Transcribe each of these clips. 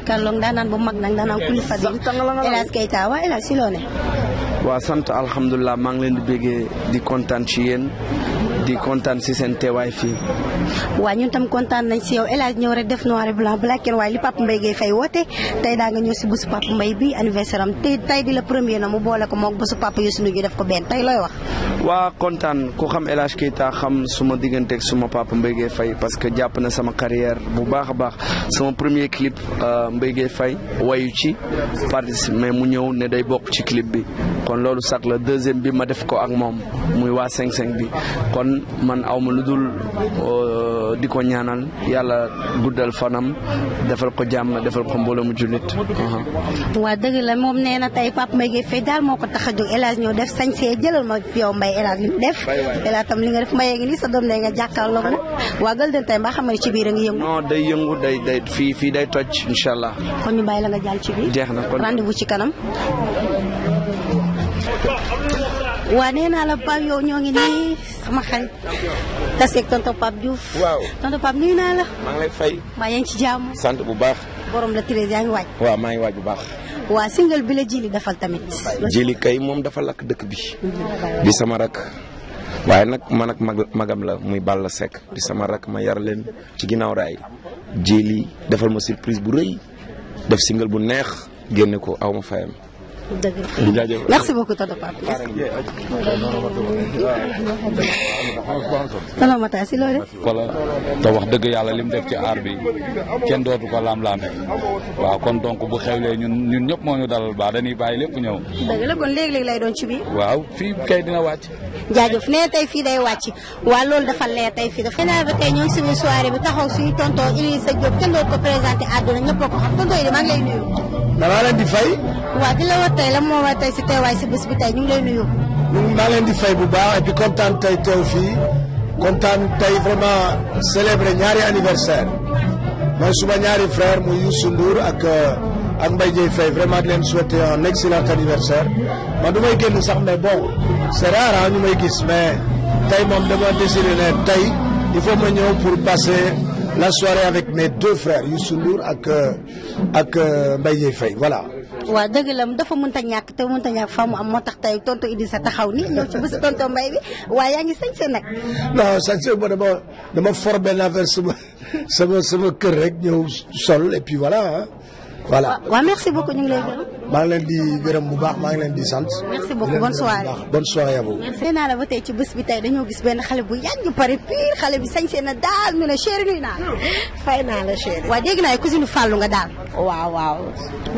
jàkkaarloog naan bu mag nag daanaan kulli fadil El Hadj Keita waaw El Hadj si loo ne. sant alhamdulilah maa ngi leen di béggee di kontaan ci yéen di kontaan si seen teewaay fii. waaw ñun tam kontaan nañ si yow El ñëw rek def noir et blanc black and white li Papa Mbaye Gueye Faye woote tey daa nga ñëw si bésu Papa Mbaye bi anniversaire am tey di la premier na mu boole ko moog bésu Papa Youssou Ndour ñu waa kontaan ku xam El Hadj Keita xam suma diggante ak suma Papa Mbaye Gueye Faye jàpp na sama carrière bu baax a baax sama premier clip euh, Mbaye Gueye Faye wayu ci participe mais mu ñëw ne day bokk ci clip bi kon loolu sax la deuxième bi ma def ko ak moom muy waa 55 bi kon ñaan man aw ma lu dul euh, di ko ñaanal yàlla guddal fanam defal ko jàmm defal ko mbooloo mu jullit. Uh-huh. waa dëgg la moom nee na tey Pape Mbaye Gueye Faye daal moo ko tax a jóg El Hadj ñëw def sañ see jëlal ma yow Mbaye El Hadj li mu def. El tam li nga def Mbaye ngi nii sa doom nee nga jàkkaarloo ko waa gël den tey mbaa xam nga ci biir a ngi yëngu. day yëngu day day fii fii day toj incha allah. kon ñu bàyyi la nga jàll ci biir. jeex na kon rendez-vous ci kanam. waa nee la Pape yow ñoo ngi nii. ma xarit taseeg tonton Pape Diouf. waaw tonton nuyu naa la. maa ngi lay fay. maa yaa ngi ci jàmm. sant bu baax. borom la Thérèse yaa ngi waaj. waaw maa ngi waaj bu baax. waa single bi la jili defal tamit. jili kay moom dafa lakk dëkk bi. di sama rak. waaye nag man ak magam la muy Balla Seck di sama rakk ma yar leen ci ginnaaw raay jili defal ma surprise bu rëy def single bu neex génne ko aw ma fayam. dëgg la jaajëf merci beaucoup tonton Pape. si loolu. voilà te wax dëgg yàlla lim def ci aar bi kenn dootu ko laam-laame waaw kon donc bu xewlee ñun ñun ñëpp moo ñu dalal baax dañuy bàyyi lépp ñëw. dëgg la kon léeg-léeg lay doon ci biir. waaw fii kay dina wàcc. jaajëf nee tey fii day wàcc waaw loolu dafa leer tey fii dafa. nee ba tey ñoo suñu soirée bi taxaw suñu tonton Idrissa Diop kenn dootu ko présenté àdduna ñëpp a ko xam tonton Idrissa maa lay nuyu. damaa leen di fay. waaw ki la woo tey la moo war tey si teewaay si bés bi tey ñu ngi lay nuyu. maa leen di fay bu baax et puis kontaan tey teew fii kontaan tey vraiment célébrer ñaari anniversaire mooy suma ñaari frère muy Youssou Ndour ak euh, ak Mbaye Dieye Faye vraiment di leen souhaiter un excellent anniversaire man du may génn sax mais bon c'est rare ah, ñu may gis mais tey moom dama décidé ne tey il faut ma ñëw pour passer. la soirée avec mes deux frères Youssou Ndour ak ak euh, Mbaye Dieye voilà. waaw dëgg la dafa mënta ñàkk te mënta ñàkk faa mu am moo tax tey tonton Idrissa taxaw ni ñëw ci bés tonton Mbaye bi waaye yaa ngi sañse nag. non sañse boobu dama dama formé naa vers sama sama sama kër rek ñëw sol et puis voilà. voilà waaw merci beaucoup ñu ngi maa ngi leen di gërëm bu baax maa ngi leen di sant. merci beaucoup bonne soirée bonne soirée à vous. merci naa la ba tey ci bés bi tey dañoo gis benn xale bu yàgg pare pire xale bi sañse na daal ñu ne chéri nuyu naa la. fay naa la chéri. waaw dégg naa cousine Fallou nga daal. waaw waaw.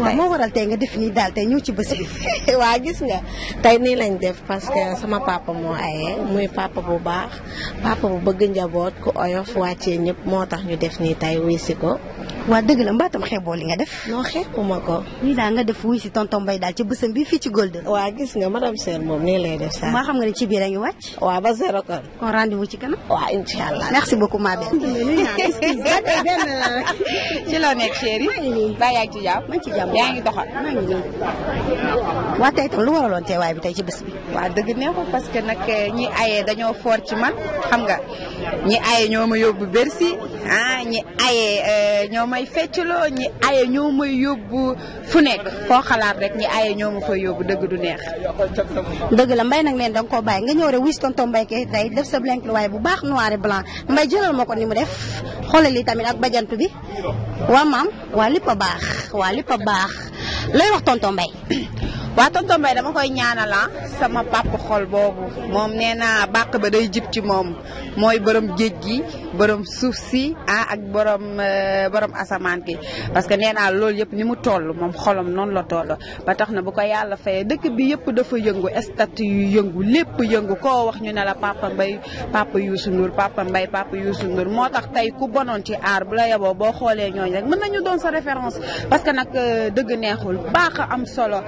waaw moo waral tey nga def nii daal tey ñëw ci bés bi. waa gis nga tey nii lañ def parce que sama papa moo aye muy papa bu baax papa bu bëgg njaboot ku oyof wàccee ñëpp moo tax ñu def nii tey wuy si ko. waa dëgg la mbaatam xeeboo li nga def. non ma ko. nii daal nga def wuy si tonton bay daal ci bësam bi fii ci Golden. waa gis nga madame Sène moom nii lay def. saa xam nga ne ci biir a ngi wàcc. waaw ba zéro kon. kon rendez-vous ci kanam. waaw incha allah merci ma belle. ci loo nekk chéri. baa yaa ngi ci jàmm. ngi ci waa tey tam lu waraloon teewaay bi tey ci bés bi. waa dëgg ne ko parce que nag eh, ñi ayee dañoo foor ci man xam nga ñi ayee ñoo ma yóbbu Bercy ah ñi ayee eh, ñoom may feccloo ñi aye ñoo may yóbbu fu nekk foo xalaat rek ñi aye ñoo ma fa yóbbu dëgg du neex. dëgg la mbay nag neen danga koo bàyyi nga ñëw rek wis tonton mbay kay day def sa blank waaye bu baax noir et blanc mbay jëlal ma ko ni mu def xoolal li tamit ak bajant bi waa maam waa lépp a baax waa lépp baax looy wax tonton mbay. waa tonton Mbaye dama koy ñaana ñaanal ah, sama papa xol boobu moom nee naa bàq ba day jib ci moom mooy borom géej gi borom suuf si ah ak borom euh, borom asamaan ki parce que nee naa loolu yëpp ni mu toll moom xolam noonu la toll ba tax na bu ko yàlla fayee dëkk bi yëpp dafa yëngu statut yu yëngu lépp yëngu koo wax ñu ne la papa Mbaye papa Youssou Ndour papa Mbaye papa Youssou Ndour moo tax tey ku bonoon ci aar bu la yeboo boo xoolee ñooñu rek mën nañu doon sa référence parce que nag euh, dëgg neexul baax am solo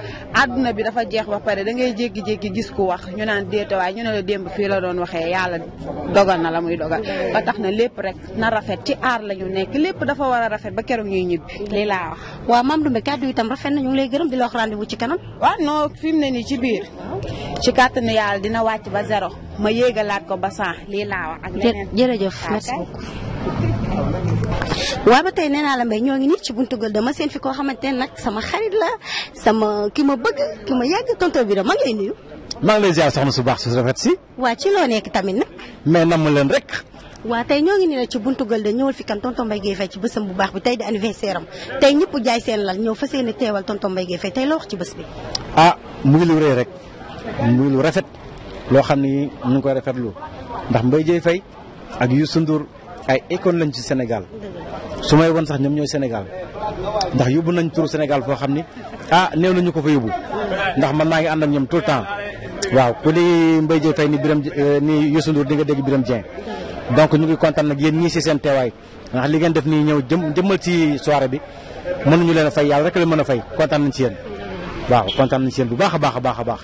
na bi dafa jeex ba pare da ngay jékki-jékki gis ku wax ñu naan déeta waaye ñu ne la démb fii la doon waxee yàlla dogal na la muy dogal ba tax na lépp rek na rafet ci aar la ñu nekk lépp dafa war a rafet ba keroog ñuy ñibbi lii laa wax. waaw maam Dumbe kàddu itam rafet na ñu ngi lay gërëm di la wax rendez ci kanam. waaw noo fi mu ne nii ci biir ci kàttanu yàlla dina wàcc ba zéro ma yéegalaat ko ba cent lii laa wax. ak leneen jërëjëf merci beaucoup waa ba tey nee naa la mbay ñoo ngi nii ci buntu Gueule Tapée seen fi koo xamante ne nag sama xarit la sama ki ma bëgg ki ma yàgg tonton bi da ma ngi lay nuyu. maa ngi lay ziar soxna su baax si rafet si. waa ci loo nekk tamit nag. mais namm leen rek. waa tey ñoo ngi nii ci buntu Gueule Tapée ñëwal fi kan tonton ci bésam bu baax bi tey di anniversaire am tey ñëpp jaay seen lal ñëw fas yéene teewal tonton Mbaye Gueye Faye tey la wax ci bés bi. ah mu lu rëy rek mu lu rafet loo xam ni mu ngi koy rafetlu ndax Mbaye Gueye Faye ak Youssou Ndour ay école lañ ci Sénégal su may woon sax ñoom ñooy Sénégal ndax yóbbu nañ turu Sénégal foo xam ni ah néew nañu ko fa yóbbu ndax man maa ngi ànd ak ñoom tout le temps waaw ku li Mbaye Diop tey ni Biram eh, ni Youssou Ndour di nga dégg Biram Dieng donc ñu ngi kontaan nag yéen ñii si seen teewaay ndax li ngeen def nii ñëw jëm jëmmal ci soirée bi mën nañu leen a fay yàlla rek la mën a fay kontaan nañ ci yéen waaw kontaan nañ ci yéen bu baax a baax a baax a baax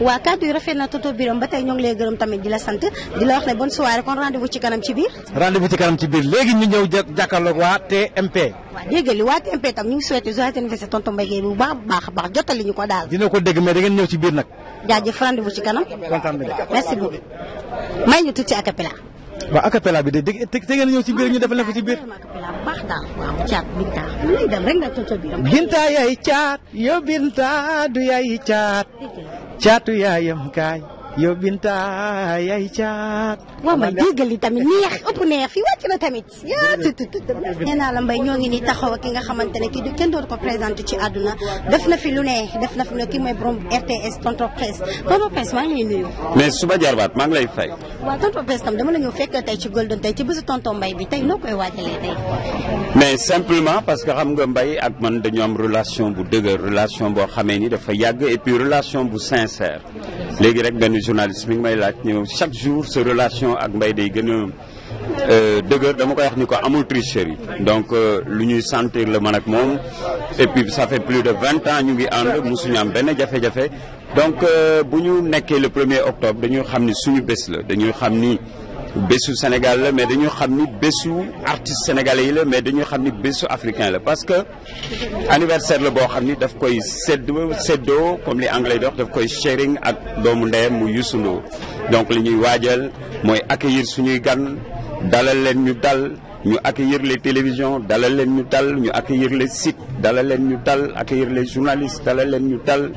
waa kàddu yi rafet na tonton Birame ba tey ñoo ngi gërëm tamit di la sant di la wax ne bonne soirée kon rendez-vous ci kanam ci biir rendez-vous ci kanam ci biir léegi ñu ñëw jàkkaarloog waa TMP waaw dégg li waa TMP tam ñu ngi souhaité joyeux anniversaire tonton Mbaye bi de dégg te ngeen ñëw ci biir ñu defal na ko ci biir baax daal waaw caat binta lu caat yow binta du yaay caat caatu yem kaay yow Binta yaay caat. moo may déggal tamit neex ëpp neex fi wàcc na tamit. yaa tut tut nee naa na mbay ñoo ngi nii taxaw ki nga xamante ne kii du kenn dootu ko présenté ci àdduna def na fi lu ne def na fi lu ne kii mooy borom RTS tonton presse tonton maa ngi lay nuyu. tam dama la ñëw fekk tey ci Golden tey ci bésu mbay bi tey noo koy waajalee tey. mais simplement parce que xam nga mbay ak man dañu am relation bu dëgër relation boo xamee ni dafa yàgg et relation bu sincère. léegi rek benn journaliste mi ngi may laaj ñëw chaque jour sa relation ak mbay day gën a euh, dëgër dama ko wax ni ko amul tricherie donc euh, lu ñuy sentir la man ak moom et puis ça fait plus de vingt ans ñu ngi ànd mosuñu am benn jafe-jafe donc euh, bu ñu nekkee le premier octobre dañuy xam ni suñu bés la dañuy xam ni bésu Sénégal la mais dañu xam ni bésu artiste sénégalais yi la mais dañu xam ni bésu africain la parce que anniversaire la boo xam ni daf koy sedd seddoo comme li anglais dox wax daf koy sharing ak doomu ndeyam mu Youssou Ndour donc li ñuy waajal mooy accueillir suñuy gan dalal leen ñu dal ñu accueillir les télévisions dalal leen ñu dal ñu accueillir les sites dalal leen ñu dal accueillir les journalistes dalal leen ñu dal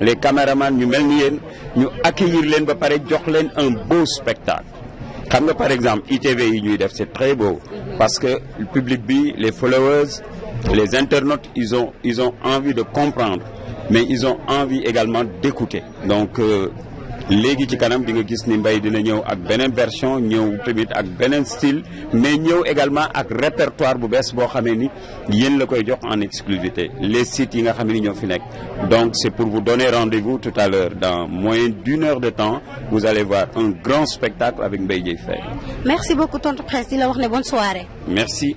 les caméramans ñu mel ni yéen ñu accueillir leen ba pare jox leen un beau spectacle xam nga par exemple ITV yi ñuy def c'est très beau mhm. parce que le public bi les followers les internautes ils ont ils ont envie de comprendre mais ils ont envie également d'écouter donc euh, léegi ci kanam di nga gis ni Mbaye dina ñëw ak beneen version ñëw tamit ak beneen style mais ñëw également ak répertoire bu bees boo xamee ni yéen la koy jox en exclusivité les sites yi nga xam ne ñoo fi nekk donc c'est pour vous donner rendez-vous tout à l'heure dans moins d'une heure de temps vous allez voir un grand spectacle avec Mbaye Dièye Faye merci beaucoup tonton Prince di la wax ne bonne soirée merci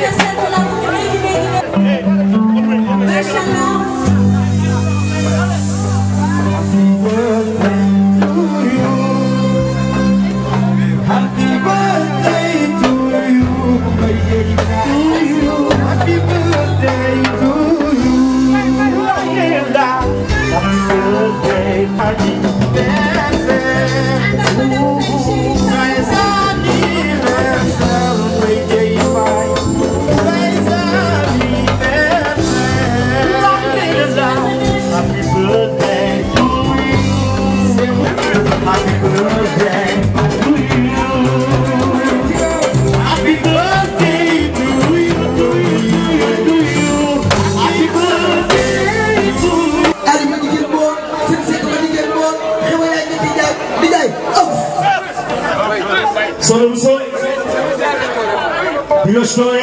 Gracias. Lostoy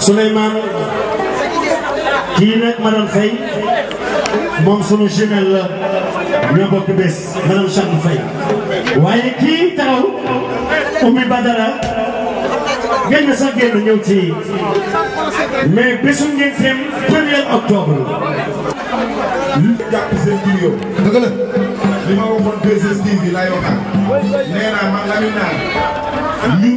Souleymane kii nag madame Faye moom sunu jumelle la ñoo bokk bés madame Chane Faye kii taxaw Oumy Badara génn sax génn ñëw ci mais bésu ngénteem premier octobre. li jàpp seen kii yow. dëgg la. li ma waxoon 2STV laay waxaat. nee naa man Lamine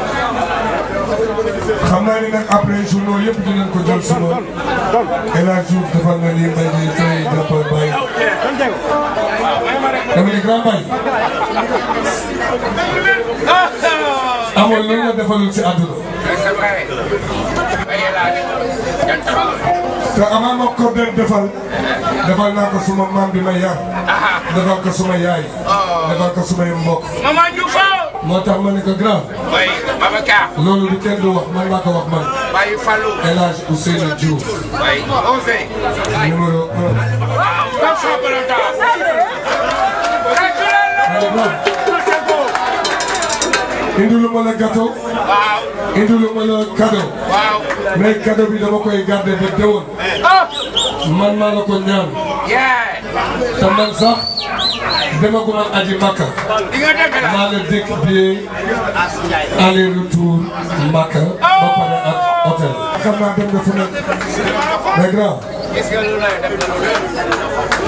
xam naa ni nag après journaux yëpp dinañ ko jël suba El Hadj Diouf defal na lii mbay mi tey jàppal bàyyi. dama ni grand bàyyi. amul lu la defalul ci àdduna. te amaa ma ko doon defal. defal naa ko suma maam bi ma yar. defal ko suma yaay. defal ko sumay mbokk. moo tax ma ne ko grand. oui Babacar. loolu du kenn du wax man maa ko wax man. Baye Fallou. El Hadj Ousseynou Diouf. oui onze. numéro un. indilu ma la gâteau. waaw. indilu ma la cadeau. waaw. mais cadeau bi dama koy garder ba déwén. Ah. man maa la ko ñaan. te man sax. demaguma aji Makka maa la dëkk bi aller retour Makka ba pare ak hôtel. xam naa dem nga fu nekk mais grand.